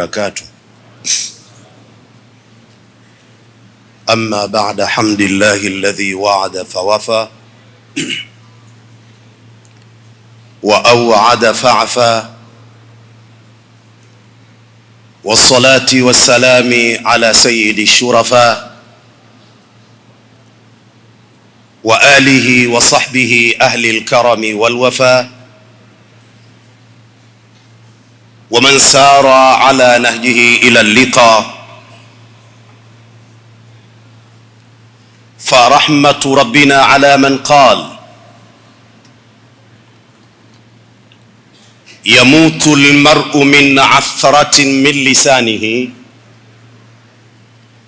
وبركاته أما بعد حمد الله الذي وعد فوفى وأوعد فعفى والصلاة والسلام على سيد الشرفاء وآله وصحبه أهل الكرم والوفاء ومن سار على نهجه إلى اللقاء فرحمة ربنا على من قال يموت المرء من عثرة من لسانه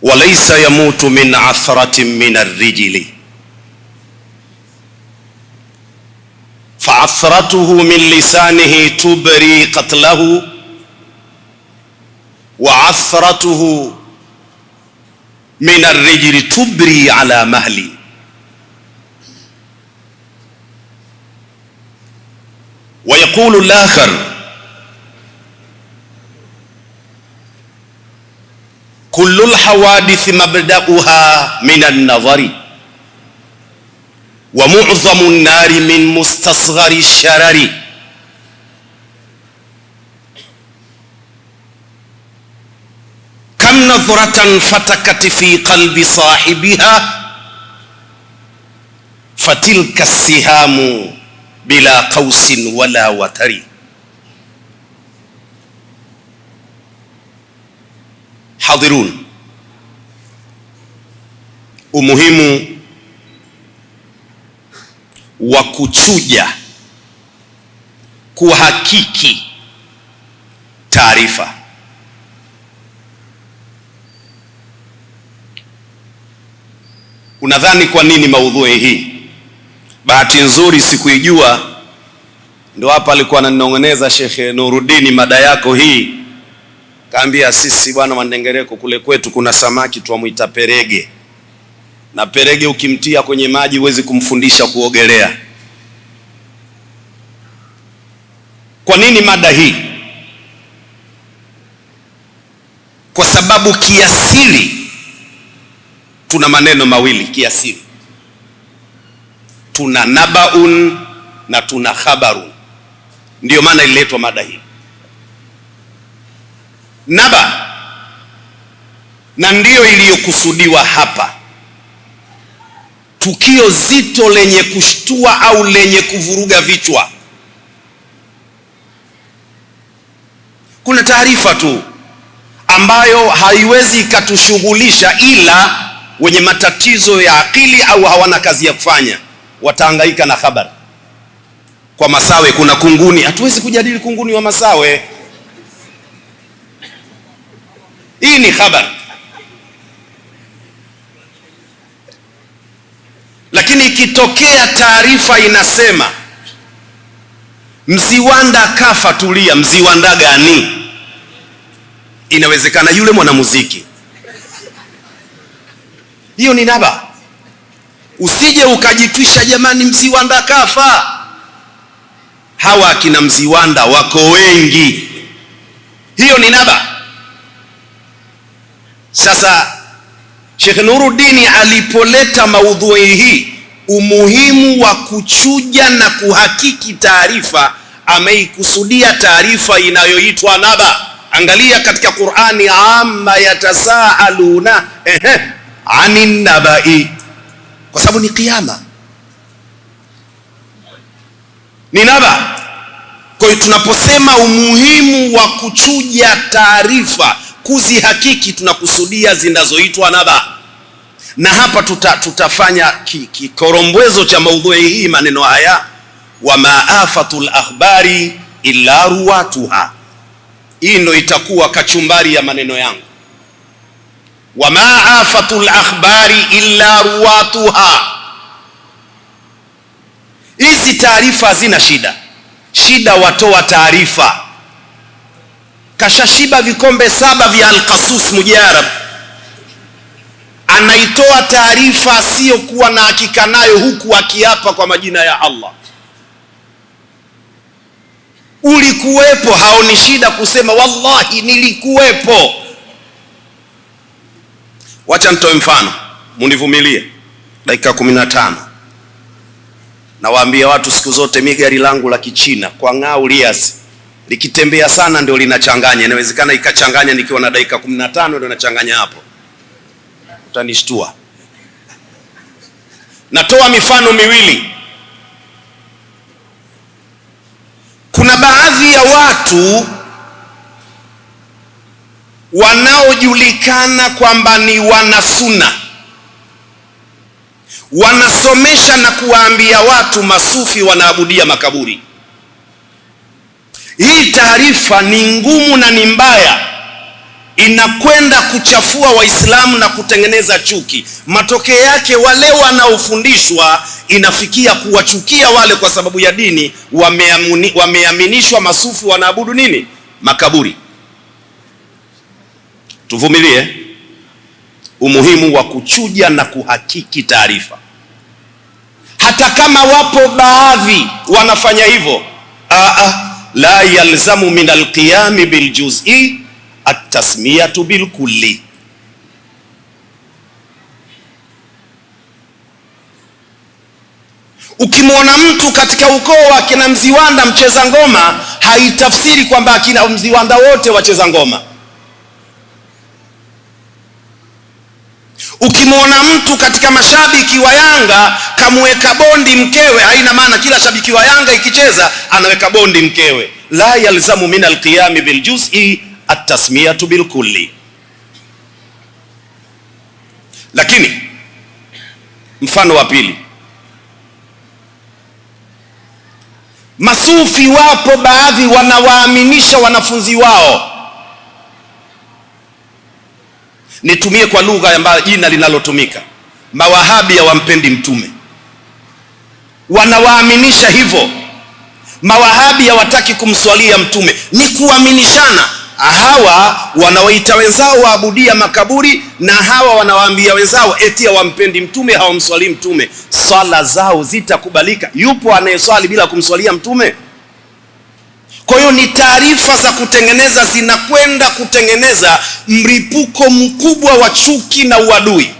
وليس يموت من عثرة من الرجل فعثرته من لسانه تبري قتله وعثرته من الرجل تبري على مهلي ويقول الآخر كل الحوادث مبدأها من النظر ومعظم النار من مستصغر الشرر كم نظرة فتكت في قلب صاحبها فتلك السهام بلا قوس ولا وتر حاضرون umuhimu wa kuchuja, kuhakiki taarifa. Unadhani kwa nini maudhui hii? Bahati nzuri sikuijua, ndio hapa alikuwa ananinong'oneza Shekhe Nurudini, mada yako hii. Kaambia sisi bwana Mandengereko, kule kwetu kuna samaki twamwita perege na perege ukimtia kwenye maji huwezi kumfundisha kuogelea. Kwa nini mada hii? Kwa sababu kiasili tuna maneno mawili kiasili, tuna nabaun na tuna khabarun. Ndiyo maana ililetwa mada hii. Naba na ndiyo iliyokusudiwa hapa tukio zito lenye kushtua au lenye kuvuruga vichwa. Kuna taarifa tu ambayo haiwezi ikatushughulisha, ila wenye matatizo ya akili au hawana kazi ya kufanya watahangaika na habari. Kwa Masawe kuna kunguni, hatuwezi kujadili kunguni wa Masawe. Hii ni habari Lakini ikitokea taarifa inasema Mziwanda kafa, tulia. Mziwanda gani? Inawezekana yule mwanamuziki. Hiyo ni naba. Usije ukajitwisha, jamani, Mziwanda kafa. Hawa akina Mziwanda wako wengi, hiyo ni naba. Sasa Sheikh Nuruddin alipoleta maudhui hii, umuhimu wa kuchuja na kuhakiki taarifa, ameikusudia taarifa inayoitwa naba. Angalia katika Qur'ani, amma yatasaaluna ehe anin nabai, kwa sababu ni kiyama, ni naba. Kwa hiyo tunaposema umuhimu wa kuchuja taarifa hakiki tunakusudia zinazoitwa naba na hapa tuta, tutafanya kikorombwezo ki, cha maudhui hii maneno haya wa maafatul akhbari illa ruwatuha. Hii ndo itakuwa kachumbari ya maneno yangu. Wa maafatul akhbari illa ruwatuha, hizi taarifa hazina shida, shida watoa taarifa kashashiba vikombe saba vya Alkasus Mujarab, anaitoa taarifa asiyokuwa na hakika nayo, huku akiapa kwa majina ya Allah. Ulikuwepo, haoni shida kusema wallahi, nilikuwepo. Wacha nitoe mfano, munivumilie dakika 15. Nawaambia watu siku zote, mi gari langu la kichina kwa ngao lias likitembea sana ndio linachanganya. Inawezekana ikachanganya nikiwa na dakika 15 tano ndio nachanganya hapo, utanishtua. Natoa mifano miwili. Kuna baadhi ya watu wanaojulikana kwamba ni wanasuna, wanasomesha na kuwaambia watu masufi wanaabudia makaburi hii taarifa ni ngumu na ni mbaya, inakwenda kuchafua Waislamu na kutengeneza chuki. Matokeo yake wale wanaofundishwa inafikia kuwachukia wale kwa sababu ya dini, wameaminishwa masufi wanaabudu nini? Makaburi. Tuvumilie umuhimu wa kuchuja na kuhakiki taarifa, hata kama wapo baadhi wanafanya hivyo la yalzamu min alqiyami biljuz'i atasmiyatu bilkulli. Ukimwona mtu katika ukoo wa kina Mziwanda mcheza ngoma, haitafsiri kwamba akina Mziwanda wote wacheza ngoma. Ukimwona mtu katika mashabiki wa Yanga kamweka bondi mkewe, haina maana kila shabiki wa Yanga ikicheza anaweka bondi mkewe. La yalzamu min alqiyami biljuzi atasmiyatu bilkulli. Lakini mfano wa pili, masufi wapo baadhi wanawaaminisha wanafunzi wao Nitumie kwa lugha ambayo jina linalotumika, mawahabi wampendi mtume, wanawaaminisha hivyo. mawahabi wataki kumswalia mtume, ni kuaminishana hawa wanaoita wenzao waabudia makaburi na hawa wanawaambia wenzao eti hawampendi mtume, hawamswalii mtume. Swala zao zitakubalika? Yupo anayeswali bila kumswalia mtume? Kwa hiyo ni taarifa za kutengeneza zinakwenda kutengeneza mlipuko mkubwa wa chuki na uadui.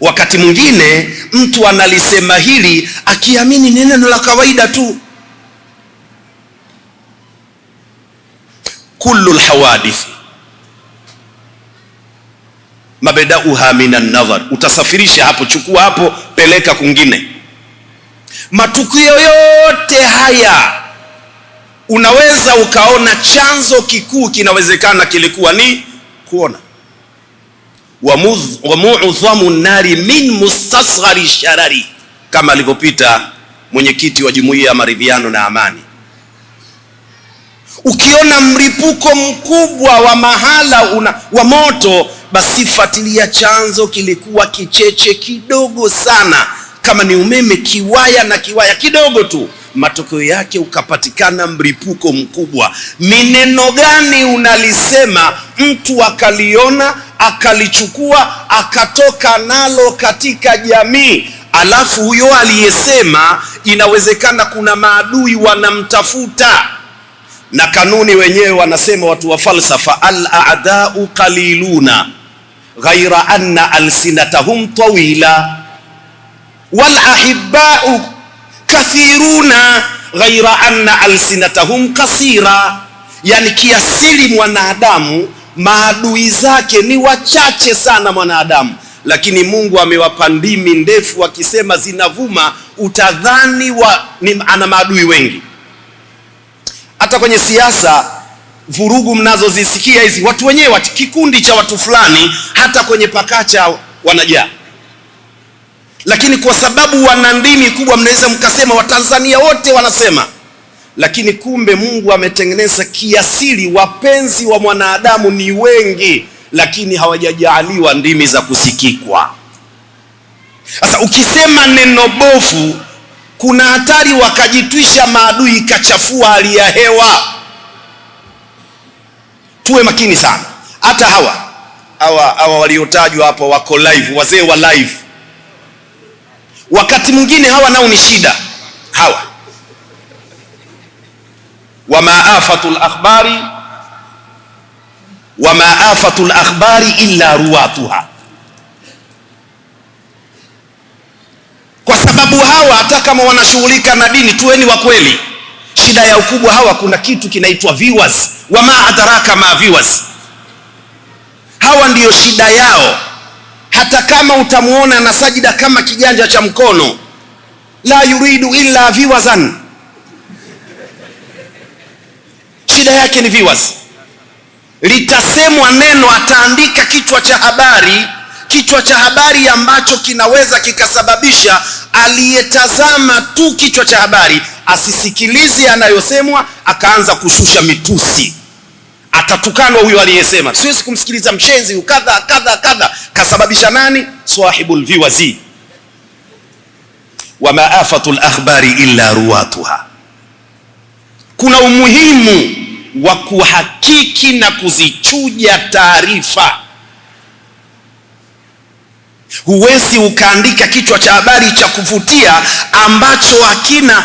Wakati mwingine mtu analisema hili akiamini ni neno la kawaida tu. Kullu lhawadithi mabedauha min nadhar, utasafirisha hapo, chukua hapo, peleka kwingine. Matukio yote haya unaweza ukaona chanzo kikuu kinawezekana kilikuwa ni kuona. wa muudhamu nari min mustasghari sharari, kama alivyopita mwenyekiti wa jumuiya ya maridhiano na amani. Ukiona mlipuko mkubwa wa mahala una, wa moto, basi fuatilia chanzo kilikuwa kicheche kidogo sana, kama ni umeme, kiwaya na kiwaya kidogo tu matokeo yake ukapatikana mlipuko mkubwa. Ni neno gani unalisema mtu akaliona akalichukua akatoka nalo katika jamii? Alafu huyo aliyesema, inawezekana kuna maadui wanamtafuta, na kanuni wenyewe wanasema watu wa falsafa, al a'da'u qaliluna ghaira anna alsinatahum tawila wal ahibba'u Kathiruna ghaira anna alsinatahum kasira, yani kiasili mwanadamu maadui zake ni wachache sana mwanadamu, lakini Mungu amewapa ndimi ndefu, akisema zinavuma, utadhani wa ni, ana maadui wengi. Hata kwenye siasa vurugu mnazozisikia hizi, watu wenyewe kikundi cha watu fulani, hata kwenye pakacha wanajaa lakini kwa sababu wana ndimi kubwa, mnaweza mkasema Watanzania wote wanasema, lakini kumbe Mungu ametengeneza kiasili, wapenzi wa mwanadamu ni wengi, lakini hawajajaliwa ndimi za kusikikwa. Sasa ukisema neno bovu, kuna hatari wakajitwisha maadui, ikachafua hali ya hewa. Tuwe makini sana. Hata hawa hawa hawa waliotajwa hapo wako live, wazee wa live Wakati mwingine hawa nao ni shida hawa. Wama afatu lakhbari wama afatu lakhbari illa ruwatuha, kwa sababu hawa hata kama wanashughulika na dini, tuweni wa kweli. Shida ya ukubwa hawa, kuna kitu kinaitwa viewers. Wama adraka ma viewers, hawa ndiyo shida yao hata kama utamwona na sajida kama kiganja cha mkono, la yuridu illa viwazan, shida yake ni viwaz. Litasemwa neno, ataandika kichwa cha habari, kichwa cha habari ambacho kinaweza kikasababisha aliyetazama tu kichwa cha habari asisikilize anayosemwa, akaanza kushusha mitusi atatukanwa huyo aliyesema, siwezi kumsikiliza mshenzi huyu, kadha kadha kadha. Kasababisha nani? Sahibul viwazi wa maafatul akhbari illa ruwatuha. Kuna umuhimu wa kuhakiki na kuzichuja taarifa. Huwezi ukaandika kichwa cha habari cha kuvutia ambacho hakina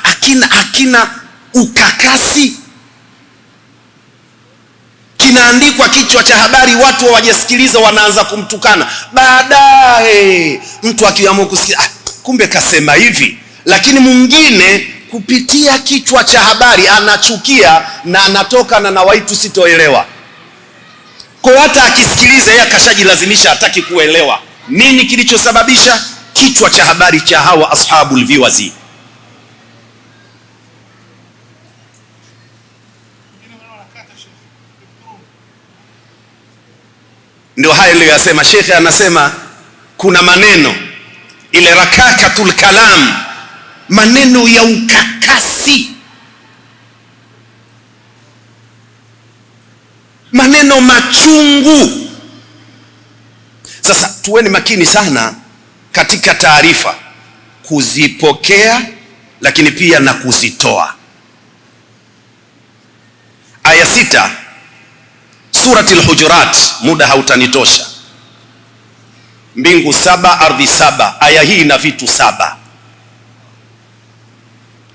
hakina hakina ukakasi kinaandikwa kichwa cha habari, watu wawajasikiliza wanaanza kumtukana. Baadaye mtu akiamua kusikia, ah, kumbe kasema hivi. Lakini mwingine kupitia kichwa cha habari anachukia na anatoka na nawaitu sitoelewa kwa hata akisikiliza yeye akashajilazimisha, hataki kuelewa nini kilichosababisha kichwa cha habari cha hawa ashabul viwazi. Ndio haya niliyoyasema. Shekhe anasema kuna maneno ile rakakatul kalam, maneno ya ukakasi, maneno machungu. Sasa tuweni makini sana katika taarifa, kuzipokea lakini pia na kuzitoa. Aya sita surati lhujurat muda hautanitosha. Mbingu saba, ardhi saba, aya hii na vitu saba.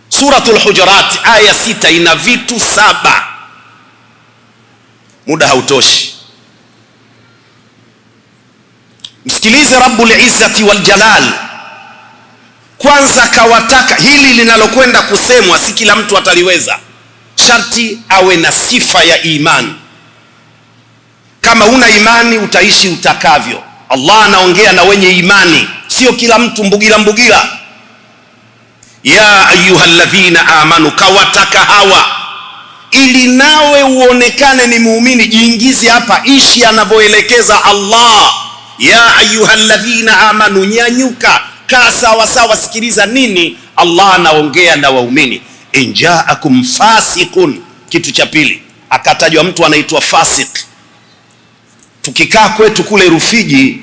surat lhujurat aya sita ina vitu saba, muda hautoshi. Msikilize Rabbul waljalal Kwanza kawataka hili linalokwenda kusemwa, si kila mtu ataliweza, sharti awe na sifa ya imani kama una imani utaishi utakavyo. Allah anaongea na wenye imani, sio kila mtu mbugila mbugila. Ya ayyuhalladhina amanu, kawataka hawa ili nawe uonekane ni muumini, jiingize hapa, ishi anavyoelekeza Allah. Ya ayyuhalladhina amanu, nyanyuka, kaa sawa sawa, sikiliza nini Allah anaongea na waumini. Injaakum fasiqun, kitu cha pili akatajwa mtu anaitwa fasik Tukikaa kwetu kule Rufiji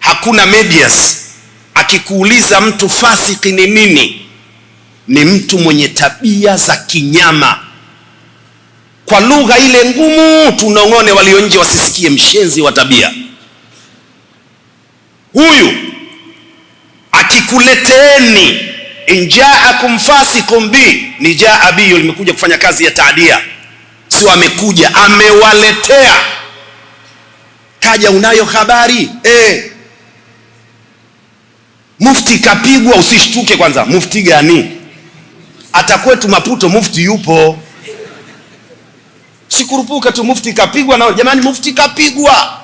hakuna medias. Akikuuliza mtu fasiki ni nini, ni mtu mwenye tabia za kinyama. Kwa lugha ile ngumu tunong'one, walio nje wasisikie, mshenzi wa tabia huyu. Akikuleteeni injaakum fasikum bi ni jaa bi, limekuja kufanya kazi ya taadia, sio amekuja, amewaletea kaja, unayo habari e. Mufti kapigwa, usishtuke kwanza. Mufti gani? atakwetu Maputo mufti yupo, sikurupuka tu. Mufti kapigwa nao, jamani, mufti kapigwa.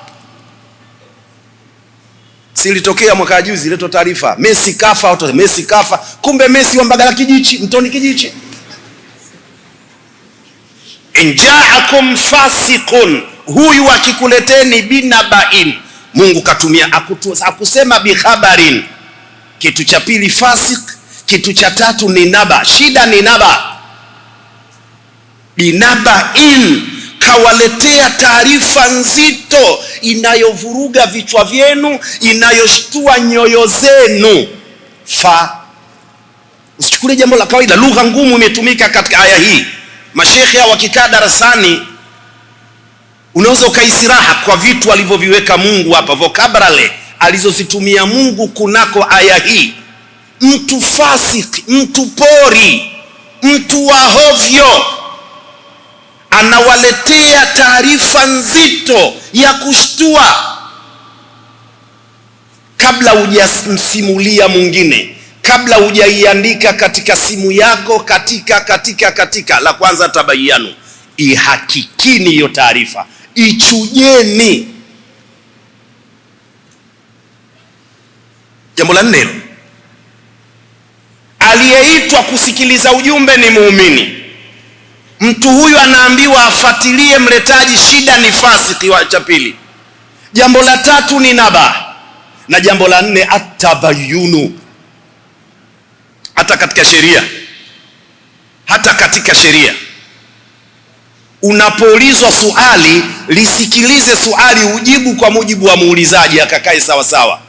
Silitokea mwaka juzi, leto taarifa Messi kafa auto, Messi kafa. Kumbe Messi wa Mbagala Kijichi, Mtoni Kijichi. injaakum fasiqun huyu akikuleteni binabain, Mungu katumia akusema bikhabarin. Kitu cha pili fasik, kitu cha tatu ni naba. Shida ni naba, binabain kawaletea taarifa nzito inayovuruga vichwa vyenu, inayoshtua nyoyo zenu. Fa, usichukulie jambo la kawaida. Lugha ngumu imetumika katika aya hii. Mashekhe hao wakikaa darasani Unaweza ukaisiraha kwa vitu alivyoviweka Mungu hapa, vocabulary alizozitumia Mungu kunako aya hii. Mtu fasik mtu pori, mtu wa hovyo, anawaletea taarifa nzito ya kushtua. Kabla hujamsimulia mwingine, kabla hujaiandika katika simu yako, katika katika katika la kwanza, tabayanu, ihakikini hiyo taarifa ichujeni. Jambo la nne hilo, aliyeitwa kusikiliza ujumbe ni muumini. Mtu huyu anaambiwa afuatilie mletaji shida, ni fasiki wa cha pili. Jambo la tatu ni naba, na jambo la nne atabayunu. Hata katika sheria, hata katika sheria unapoulizwa suali lisikilize suali, ujibu kwa mujibu wa muulizaji, akakae sawa sawa,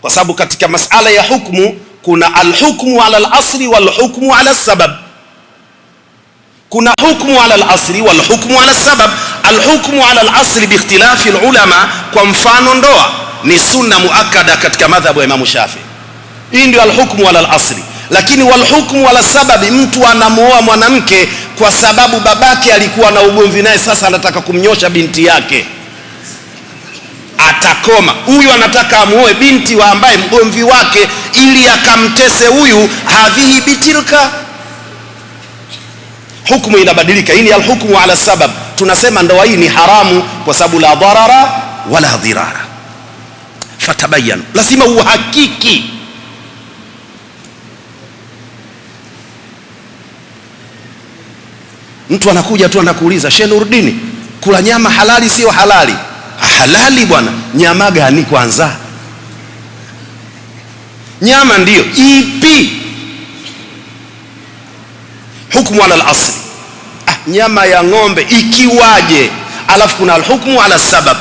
kwa sababu katika masala ya hukmu kuna alhukmu ala alasli walhukmu ala sabab. Kuna hukmu ala alasli walhukmu ala sabab. Alhukmu ala alasli biikhtilafi alulama, kwa mfano ndoa ni sunna muakkada katika madhhabu ya Imamu Shafi. Hii ndio alhukmu ala alasli, lakini walhukmu ala sababi, mtu anamuoa mwanamke kwa sababu babake alikuwa na ugomvi naye, sasa anataka kumnyosha binti yake. Atakoma huyu, anataka amuoe binti wa ambaye mgomvi wake, ili akamtese huyu. Hadhihi bitilka, hukumu inabadilika. Hii ni alhukmu ala sabab. Tunasema ndoa hii ni haramu kwa sababu la dharara wala dhirara. Fatabayan, lazima uhakiki Mtu anakuja tu anakuuliza, Sheikh Nuruddin, kula nyama halali sio halali? Ah, halali bwana. Nyama gani kwanza? Nyama ndiyo ipi? hukumu ala al Ah, nyama ya ng'ombe ikiwaje? Alafu kuna alhukmu ala sabab.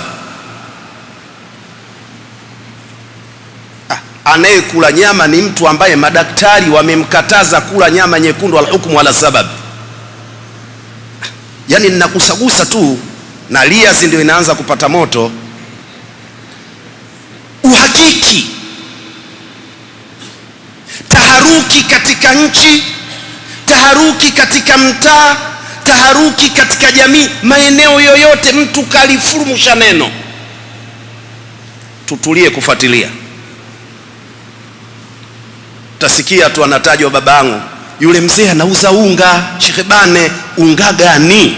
Ah, anayekula nyama ni mtu ambaye madaktari wamemkataza kula nyama nyekundu, alhukmu ala sabab yani ninakusagusa tu na lias ndio inaanza kupata moto. Uhakiki, taharuki katika nchi, taharuki katika mtaa, taharuki katika jamii, maeneo yoyote, mtu kalifurumusha neno. Tutulie kufuatilia, tasikia tu anatajwa babangu yule mzee anauza unga Sheikh Bane, unga gani?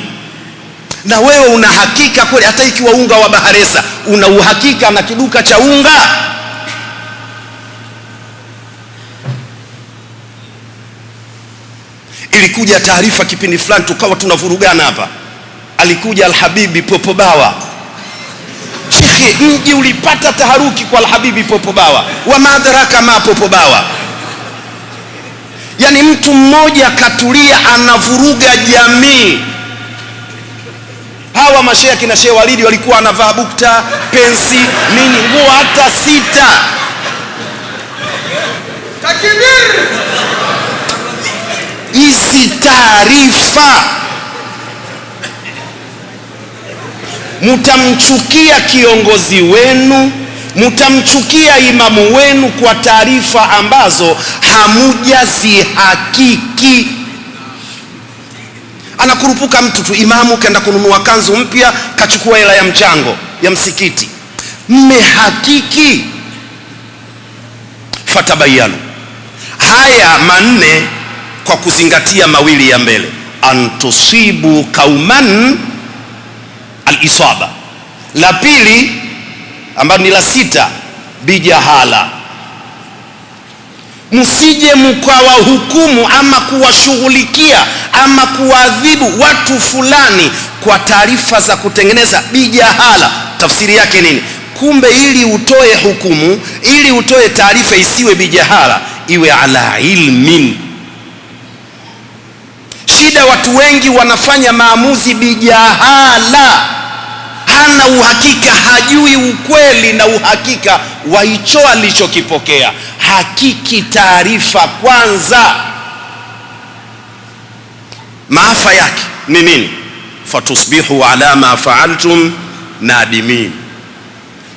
Na wewe una hakika kweli? Hata ikiwa unga wa Baharesa, una uhakika na kiduka cha unga? Ilikuja taarifa kipindi fulani, tukawa tunavurugana hapa. Alikuja Alhabibi Popobawa, shekhe, mji ulipata taharuki kwa Alhabibi Popobawa. Wa madraka ma Popobawa yani mtu mmoja katulia anavuruga jamii. Hawa mashehe kina Shehe Walidi walikuwa anavaa bukta, pensi, nini, nguo hata sita. Takbir! Hizi taarifa mtamchukia kiongozi wenu mtamchukia imamu wenu kwa taarifa ambazo hamujazihakiki. Anakurupuka mtu tu, imamu kaenda kununua kanzu mpya, kachukua hela ya mchango ya msikiti. Mmehakiki? Fatabayanu haya manne kwa kuzingatia mawili ya mbele, antusibu kauman alisaba. La pili ambalo ni la sita, bijahala, msije mkawa hukumu ama kuwashughulikia ama kuwaadhibu watu fulani kwa taarifa za kutengeneza bijahala. Tafsiri yake nini? Kumbe ili utoe hukumu, ili utoe taarifa isiwe bijahala, iwe ala ilmin. Shida watu wengi wanafanya maamuzi bijahala hana uhakika, hajui ukweli na uhakika wa hicho alichokipokea. Hakiki taarifa kwanza. Maafa yake ni nini? fatusbihu ala ma faaltum nadimin,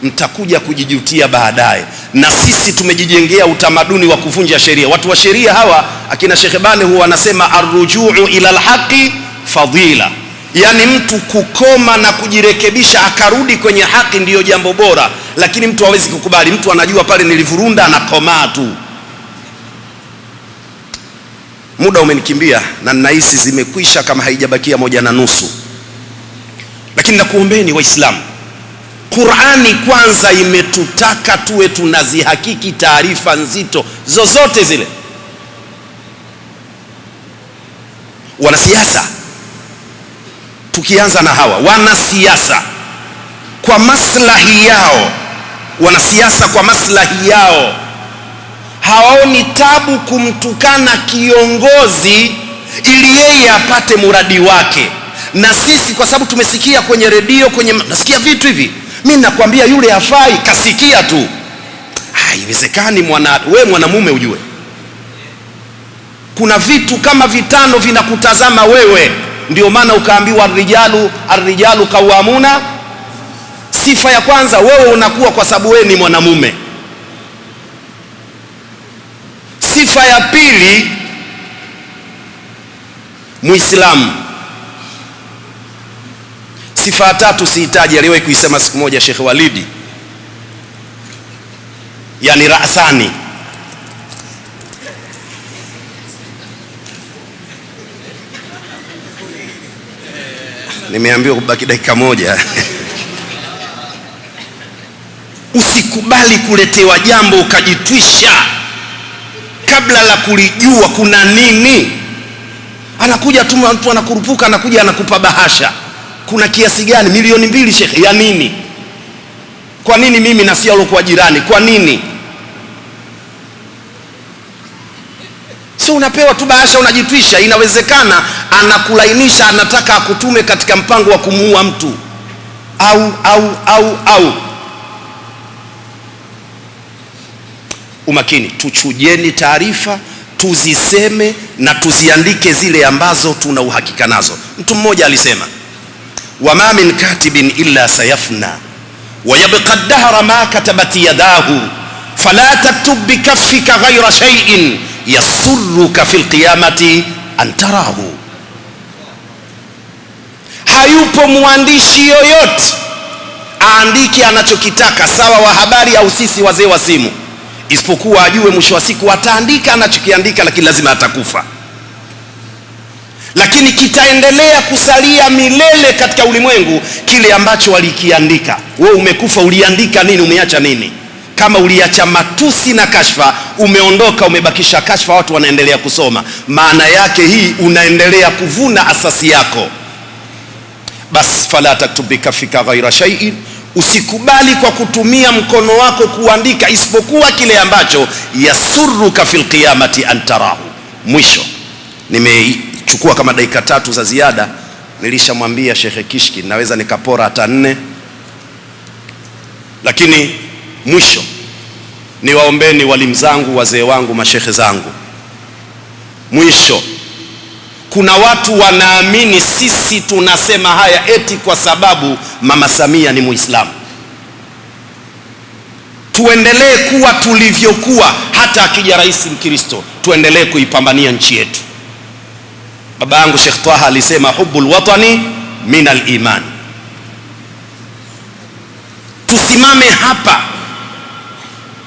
mtakuja kujijutia baadaye. Na sisi tumejijengea utamaduni wa kuvunja sheria. Watu wa sheria hawa akina Shekhe Bale huwa wanasema arrujuu ila lhaqi fadila Yaani mtu kukoma na kujirekebisha akarudi kwenye haki ndiyo jambo bora, lakini mtu hawezi kukubali. Mtu anajua pale nilivurunda, anakomaa tu. Muda umenikimbia na ninahisi zimekwisha kama haijabakia moja na nusu, lakini nakuombeni Waislamu, Qur'ani kwanza imetutaka tuwe tunazihakiki taarifa nzito zozote zile. Wanasiasa tukianza na hawa wanasiasa kwa maslahi yao, wanasiasa kwa maslahi yao hawaoni tabu kumtukana kiongozi ili yeye apate muradi wake. Na sisi kwa sababu tumesikia kwenye redio, kwenye nasikia vitu hivi, mimi nakwambia yule hafai, kasikia tu. Ah, haiwezekani mwana, we mwanamume ujue kuna vitu kama vitano vinakutazama wewe ndio maana ukaambiwa arrijalu arrijalu kawamuna. Sifa ya kwanza wewe unakuwa kwa sababu wewe ni mwanamume. Sifa ya pili Muislamu. Sifa ya tatu sihitaji, aliwahi kuisema siku moja Sheikh Walidi, yani rasani nimeambiwa kubaki dakika moja usikubali kuletewa jambo ukajitwisha kabla la kulijua kuna nini. Anakuja tu mtu anakurupuka, anakuja anakupa bahasha. Kuna kiasi gani? Milioni mbili, shekhe, ya nini? Kwa nini mimi na si alokuwa jirani? Kwa nini? sio unapewa tu bahasha unajitwisha. Inawezekana anakulainisha, anataka akutume katika mpango wa kumuua mtu au au au au. Umakini, tuchujeni taarifa tuziseme na tuziandike zile ambazo tuna uhakika nazo. Mtu mmoja alisema, wama min katibin illa sayafna wayabqa dahra ma katabati yadahu fala taktub bikaffika ghaira shay'in yasurruka fi qiyamati an tarahu, hayupo mwandishi yoyote aandike anachokitaka sawa wa habari au sisi wazee wa simu, isipokuwa ajue mwisho wa siku ataandika anachokiandika, lakini lazima atakufa lakini kitaendelea kusalia milele katika ulimwengu kile ambacho walikiandika. Wewe umekufa, uliandika nini? Umeacha nini? Kama uliacha matusi na kashfa, umeondoka umebakisha kashfa, watu wanaendelea kusoma. Maana yake hii unaendelea kuvuna asasi yako. Bas fala taktubika fika ghaira shay'in, usikubali kwa kutumia mkono wako kuandika isipokuwa kile ambacho yasuruka fil qiyamati antarahu. Mwisho nimechukua kama dakika tatu za ziada. Nilishamwambia Shekhe Kishki naweza nikapora hata nne, lakini Mwisho ni waombeni walimu zangu, wazee wangu, mashehe zangu. Mwisho kuna watu wanaamini sisi tunasema haya eti kwa sababu mama Samia ni Muislamu. Tuendelee kuwa tulivyokuwa, hata akija rais Mkristo tuendelee kuipambania nchi yetu. Baba yangu Sheikh Taha alisema hubbul watani min iman Tusimame hapa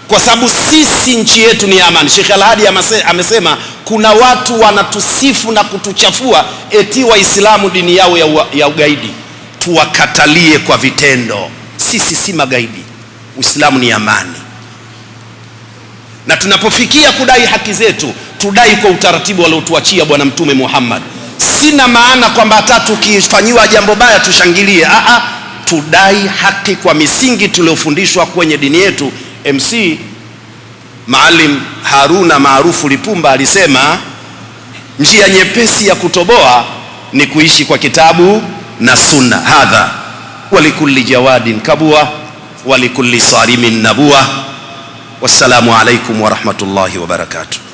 kwa sababu sisi nchi yetu ni amani. Sheikh Alhadi amesema kuna watu wanatusifu na kutuchafua eti Waislamu dini yao ya ugaidi. Tuwakatalie kwa vitendo. Sisi si magaidi, Uislamu ni amani, na tunapofikia kudai haki zetu tudai kwa utaratibu aliotuachia Bwana Mtume Muhammad. Sina maana kwamba hata tukifanyiwa jambo baya tushangilie, a tudai haki kwa misingi tuliyofundishwa kwenye dini yetu MC Maalim Haruna maarufu Lipumba alisema njia nyepesi ya kutoboa ni kuishi kwa kitabu na sunna. Hadha walikulli jawadin kabua walikulli salimin nabua. Wassalamu alaikum warahmatullahi wabarakatuh.